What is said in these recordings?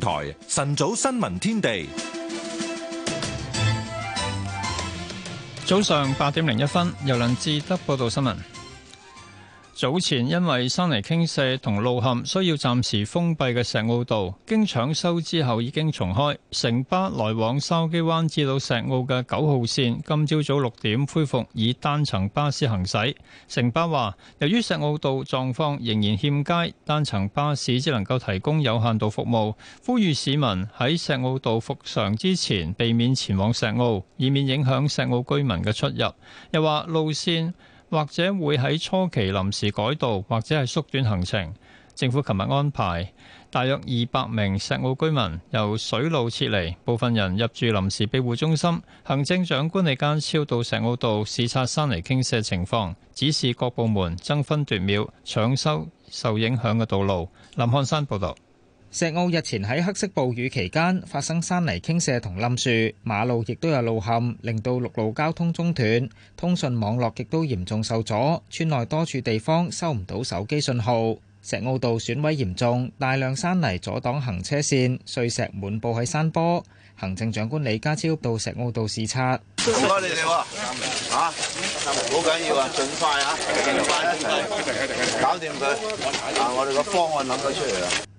台晨早新聞天地，早上八點零一分，由梁志德報道新聞。早前因為山泥傾瀉同路陷，需要暫時封閉嘅石澳道，經搶修之後已經重開。城巴來往筲箕灣至到石澳嘅九號線，今朝早六點恢復以單層巴士行駛。城巴話，由於石澳道狀況仍然欠佳，單層巴士只能夠提供有限度服務，呼籲市民喺石澳道復常之前，避免前往石澳，以免影響石澳居民嘅出入。又話路線，或者會喺初期臨時改道，或者係縮短行程。政府琴日安排大約二百名石澳居民由水路撤離，部分人入住臨時庇護中心。行政長官李家超到石澳道視察山泥傾瀉情況，指示各部門爭分奪秒搶修受影響嘅道路。林漢山報道。石澳日前喺黑色暴雨期間發生山泥傾瀉同冧樹，馬路亦都有路陷，令到陸路交通中斷，通訊網絡亦都嚴重受阻，村內多處地方收唔到手機信號。石澳道損毀嚴重，大量山泥阻擋行車線，碎石滿布喺山坡。行政長官李家超到石澳道視察。唔該你哋喎，嚇，好緊要啊，盡快啊，盡快一齊搞掂佢。啊，我哋個方案諗到出嚟啦。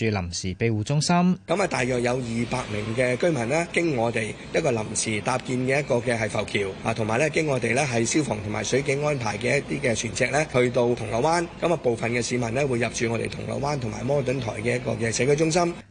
住臨時庇護中心，咁啊，大約有二百名嘅居民呢，經我哋一個臨時搭建嘅一個嘅係浮橋啊，同埋呢經我哋呢係消防同埋水警安排嘅一啲嘅船隻呢，去到銅鑼灣，咁啊部分嘅市民呢，會入住我哋銅鑼灣同埋摩頓台嘅一個嘅社區中心。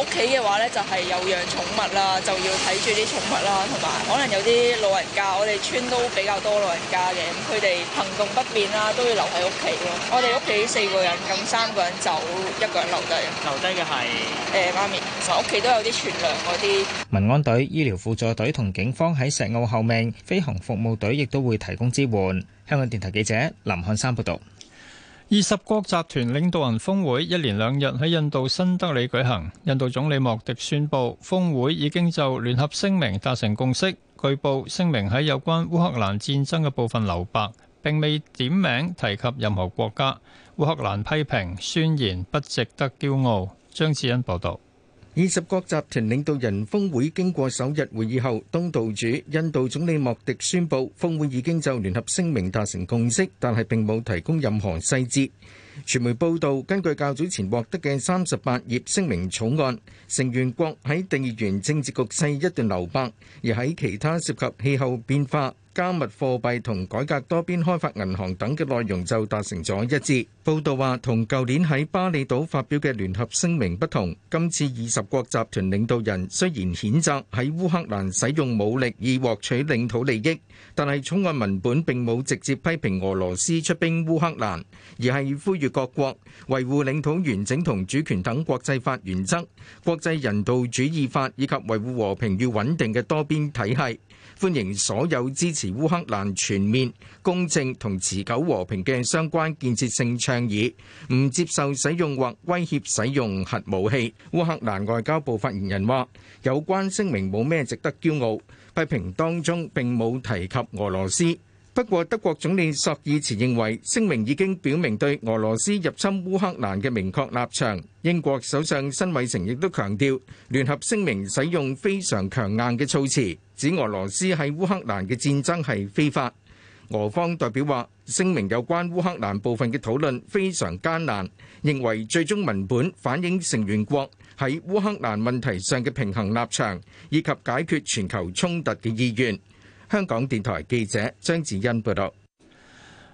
屋企嘅話咧，就係有養寵物啦，就要睇住啲寵物啦，同埋可能有啲老人家，我哋村都比較多老人家嘅，咁佢哋行動不便啦，都要留喺屋企咯。我哋屋企四個人，咁三個人走，一個人留低。留低嘅係誒媽咪，其實屋企都有啲存糧嗰啲。民安隊、醫療輔助隊同警方喺石澳後面，飛行服務隊亦都會提供支援。香港電台記者林漢山報導。二十國集團領導人峰會一連兩日喺印度新德里舉行，印度總理莫迪宣布，峰會已經就聯合聲明達成共識。據報聲明喺有關烏克蘭戰爭嘅部分留白，並未點名提及任何國家。烏克蘭批評宣言不值得驕傲。張智恩報道。二十國集團領導人峯會經過首日會議後，東道主印度總理莫迪宣布，峯會已經就聯合聲明達成共識，但係並冇提供任何細節。傳媒報道根據較早前獲得嘅三十八頁聲明草案，成員國喺定義地緣政治局勢一段留白，而喺其他涉及氣候變化、加密貨幣同改革多邊開發銀行等嘅內容就達成咗一致。報道話，同舊年喺巴厘島發表嘅聯合聲明不同，今次二十國集團領導人雖然譴責喺烏克蘭使用武力以獲取領土利益，但係草案文本並冇直接批評俄羅斯出兵烏克蘭，而係呼籲各國維護領土完整同主權等國際法原則、國際人道主義法以及維護和平與穩定嘅多邊體系。歡迎所有支持烏克蘭全面公正同持久和平嘅相關建設性倡議，唔接受使用或威脅使用核武器。烏克蘭外交部發言人話：有關聲明冇咩值得驕傲，批評當中並冇提及俄羅斯。不過，德國總理索爾茨認為聲明已經表明對俄羅斯入侵烏克蘭嘅明確立場。英國首相辛偉誠亦都強調聯合聲明使用非常強硬嘅措辭。指俄羅斯喺烏克蘭嘅戰爭係非法。俄方代表話：聲明有關烏克蘭部分嘅討論非常艱難，認為最終文本反映成員國喺烏克蘭問題上嘅平衡立場，以及解決全球衝突嘅意願。香港電台記者張子欣報道。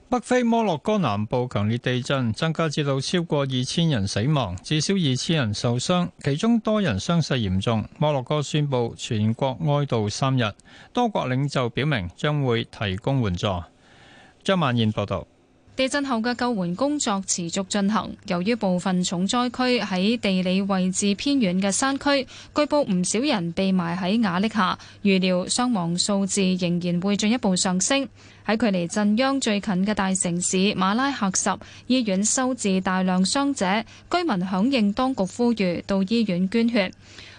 北非摩洛哥南部強烈地震，增加至到超過二千人死亡，至少二千人受傷，其中多人傷勢嚴重。摩洛哥宣布全國哀悼三日，多國領袖表明將會提供援助。張曼燕報道。地震後嘅救援工作持續進行。由於部分重災區喺地理位置偏遠嘅山區，據報唔少人被埋喺瓦礫下，預料傷亡數字仍然會進一步上升。喺距離震央最近嘅大城市馬拉喀什，醫院收治大量傷者，居民響應當局呼籲到醫院捐血。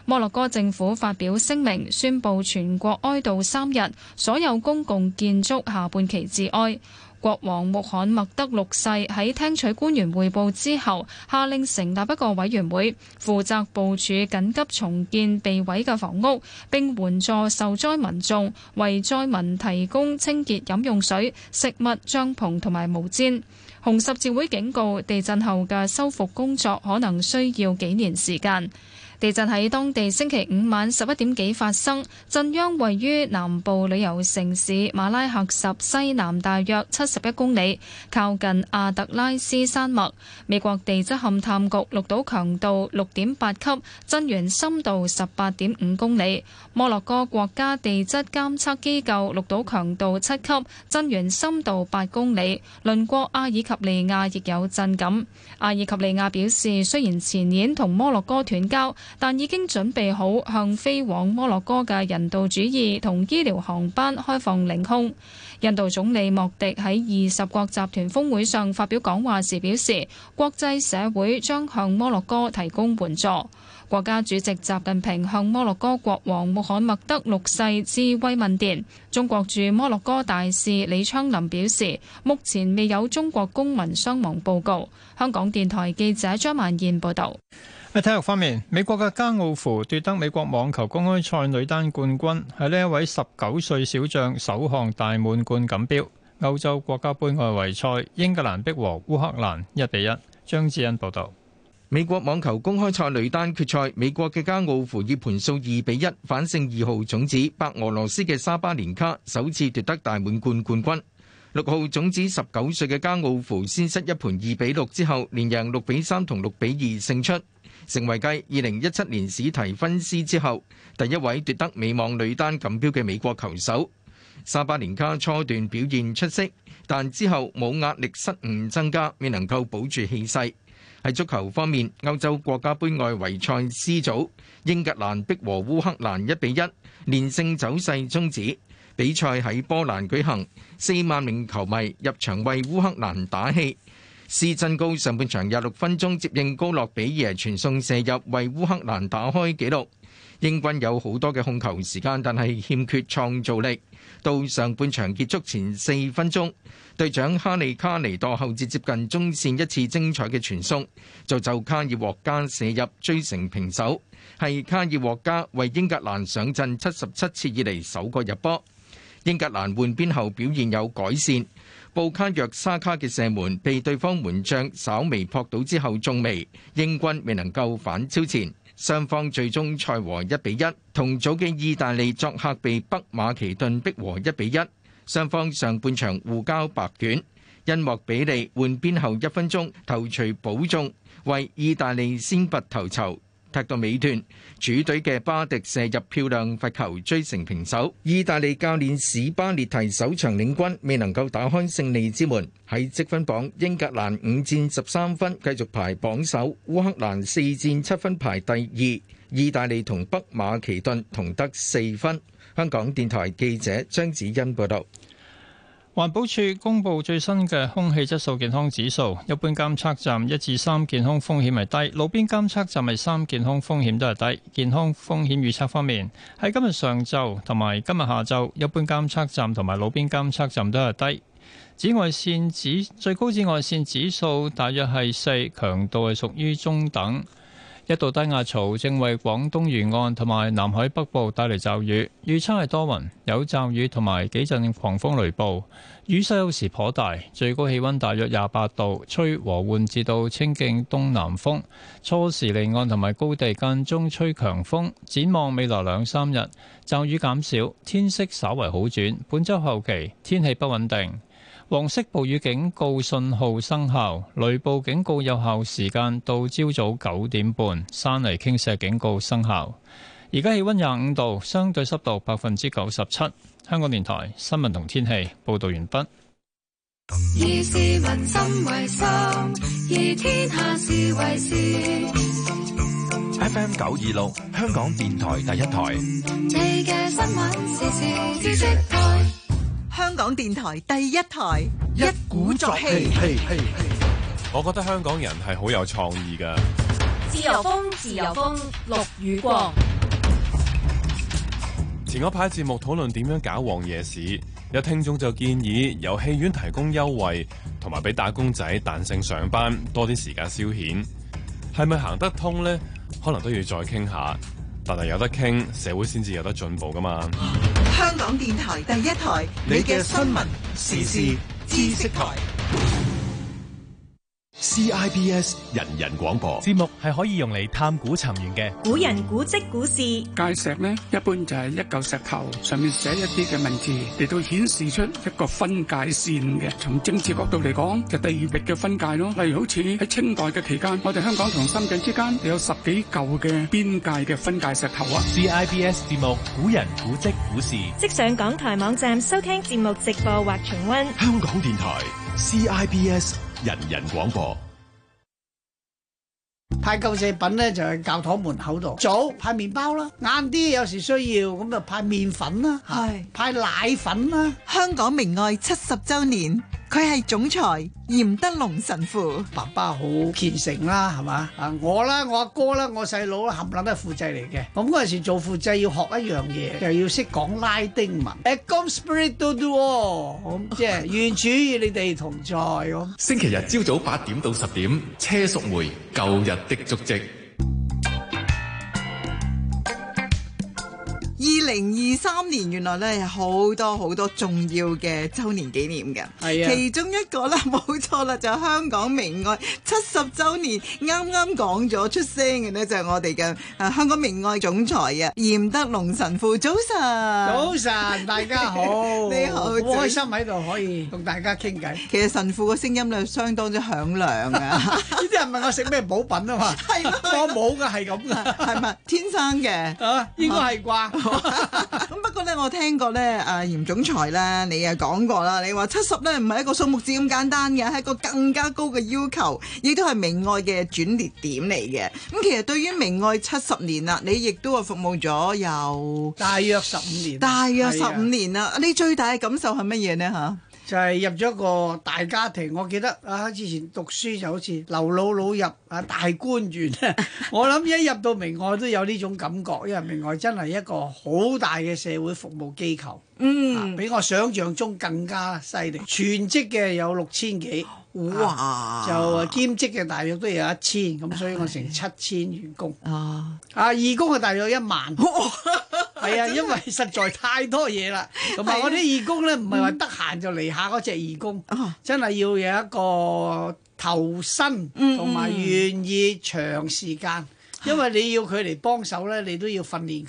摩洛哥政府發表聲明，宣布全國哀悼三日，所有公共建築下半旗致哀。國王穆罕默德六世喺聽取官員彙報之後，下令成立一個委員會，負責部署緊急重建被毀嘅房屋，並援助受災民眾，為災民提供清潔飲用水、食物、帳篷同埋毛氈。紅十字會警告，地震後嘅修復工作可能需要幾年時間。地震喺當地星期五晚十一點幾發生，震央位於南部旅遊城市馬拉喀什西南大約七十一公里，靠近阿特拉斯山脈。美國地質勘探局錄到強度六點八級，震源深度十八點五公里。摩洛哥國家地質監測機構錄到強度七級，震源深度八公里。鄰國阿爾及利亞亦有震感。阿爾及利亞表示，雖然前年同摩洛哥斷交，但已經準備好向飛往摩洛哥嘅人道主義同醫療航班開放領空。印度總理莫迪喺二十國集團峰會上發表講話時表示，國際社會將向摩洛哥提供援助。國家主席習近平向摩洛哥國王穆罕默德六世致慰問電。中國駐摩洛哥大使李昌林表示，目前未有中國公民傷亡報告。香港電台記者張曼燕報道。喺體育方面，美國嘅加奧芙奪得美國網球公開賽女單冠軍，係呢一位十九歲小將首項大滿貫錦標。歐洲國家杯外圍賽，英格蘭碧和烏克蘭一比一。張智恩報道。美國網球公開賽女單決賽，美國嘅加奧芙以盤數二比一反勝二號種子白俄羅斯嘅沙巴連卡，首次奪得大滿貫冠軍。六號種子十九歲嘅加奧芙先失一盤二比六之後，連贏六比三同六比二勝出。成為繼二零一七年史提芬斯之後第一位奪得美網女單錦標嘅美國球手。沙巴連卡初段表現出色，但之後冇壓力，失誤增加，未能夠保住氣勢。喺足球方面，歐洲國家杯外圍賽 C 組，英格蘭逼和烏克蘭一比一，連勝走勢終止。比賽喺波蘭舉行，四萬名球迷入場為烏克蘭打氣。斯真高上半場廿六分鐘接應高諾比耶傳送射入，為烏克蘭打開紀錄。英軍有好多嘅控球時間，但係欠缺創造力。到上半場結束前四分鐘，隊長哈利卡尼多後至接近中線一次精彩嘅傳送，就就卡爾獲加射入追成平手，係卡爾獲加為英格蘭上陣七十七次以嚟首個入波。英格蘭換邊後表現有改善，布卡約沙卡嘅射門被對方門將稍微撲倒之後中楣，英軍未能夠反超前，雙方最終賽和一比一。同組嘅意大利作客被北馬其頓逼和一比一，雙方上半場互交白卷。恩莫比利換邊後一分鐘頭槌補中，為意大利先拔頭籌。踢到尾段，主隊嘅巴迪射入漂亮罰球追成平手。意大利教練史巴列提首場領軍，未能夠打開勝利之門。喺積分榜，英格蘭五戰十三分繼續排榜首，烏克蘭四戰七分排第二，意大利同北馬其頓同得四分。香港電台記者張子欣報道。環保署公布最新嘅空氣質素健康指數，一般監測站一至三健康風險係低，路邊監測站係三健康風險都係低。健康風險預測方面，喺今日上晝同埋今日下晝，一般監測站同埋路邊監測站都係低。紫外線指最高紫外線指數大約係四，強度係屬於中等。一道低壓槽正為廣東沿岸同埋南海北部帶嚟驟雨，預測係多雲有驟雨同埋幾陣狂風雷暴，雨勢有時頗大，最高氣溫大約廿八度，吹和緩至到清勁東南風，初時離岸同埋高地間中吹強風，展望未來兩三日驟雨減少，天色稍為好轉，本周後期天氣不穩定。黃色暴雨警告信號生效，雷暴警告有效時間到朝早九點半，山泥傾瀉警告生效。而家氣溫廿五度，相對濕度百分之九十七。香港電台新聞同天氣報道完畢。以市民心為心，以天下事為事。FM 九二六，香港電台第一台。你嘅新聞，時時知識台。香港電台第一台，一鼓作氣，嘿嘿嘿嘿，我覺得香港人係好有創意噶。自由風，自由風，綠雨光。前嗰排節目討論點樣搞旺夜市，有聽眾就建議由戲院提供優惠，同埋俾打工仔彈性上班，多啲時間消遣，係咪行得通呢？可能都要再傾下，但係有得傾，社會先至有得進步噶嘛。 香港電台第一台，你嘅新聞時事知識台。CIBS 人人廣播節目係可以用嚟探古尋源嘅。古人古蹟古事，界石呢，一般就係一嚿石頭上面寫一啲嘅文字嚟到顯示出一個分界線嘅。從政治角度嚟講，就地域嘅分界咯。例如好似喺清代嘅期間，我哋香港同深圳之間有十幾嚿嘅邊界嘅分界石頭啊。CIBS 節目古人古蹟古事，即上港台網站收聽節目直播或重溫。香港電台 CIBS 人，人人廣播。派救世品咧就喺、是、教堂門口度，早派麵包啦，晏啲有時需要，咁就派麵粉啦，是派奶粉啦。香港明愛七十周年。佢係總裁嚴德龍神父，爸爸好虔誠啦，係嘛？啊，我啦，我阿哥啦，我細佬啦，冚唪唥都係副祭嚟嘅。我嗰陣時做副祭要學一樣嘢，又要識講拉丁文。Et cum spiritu tuo，即係願主與你哋同在。 星期日朝早八點到十點，車淑梅，舊日的足跡。零二三年，原來咧有好多好多重要嘅周年紀念嘅，係啊，其中一個咧冇錯啦，就係香港明愛七十周年，啱啱講咗出聲嘅咧就係我哋嘅啊香港明愛總裁啊，嚴德龍神父早晨。早晨，大家好，你好，開心喺度可以同大家傾偈。其實神父嘅聲音咧相當之響亮噶呢啲人問我食咩補品啊嘛，我冇噶係咁噶係咪天生嘅？啊，應該係啩。咁 不過咧，我聽過咧，阿、啊、嚴總裁咧，你又講過啦，你話七十咧唔係一個數目字咁簡單嘅，係一個更加高嘅要求，亦都係明愛嘅轉捩點嚟嘅。咁其實對於明愛七十年啦，你亦都係服務咗有大約十五年，大約十五年啦。的你最大嘅感受係乜嘢呢？吓？就係入咗一個大家庭，我記得啊，之前讀書就好似劉姥姥入啊大觀園， 我諗一入到明愛都有呢種感覺，因為明愛真係一個好大嘅社會服務機構，嗯、啊，比我想象中更加犀利。全職嘅有六千幾，哇、啊！就兼職嘅大約都有一千，咁所以我成七千員工，啊啊義工啊大約一萬。 係啊，因為實在太多嘢啦，同埋我啲義工咧，唔係話得閒就嚟下只義工，嗯，真係要有一個投身同埋願意長時間，因為你要佢嚟幫手咧，你都要訓練。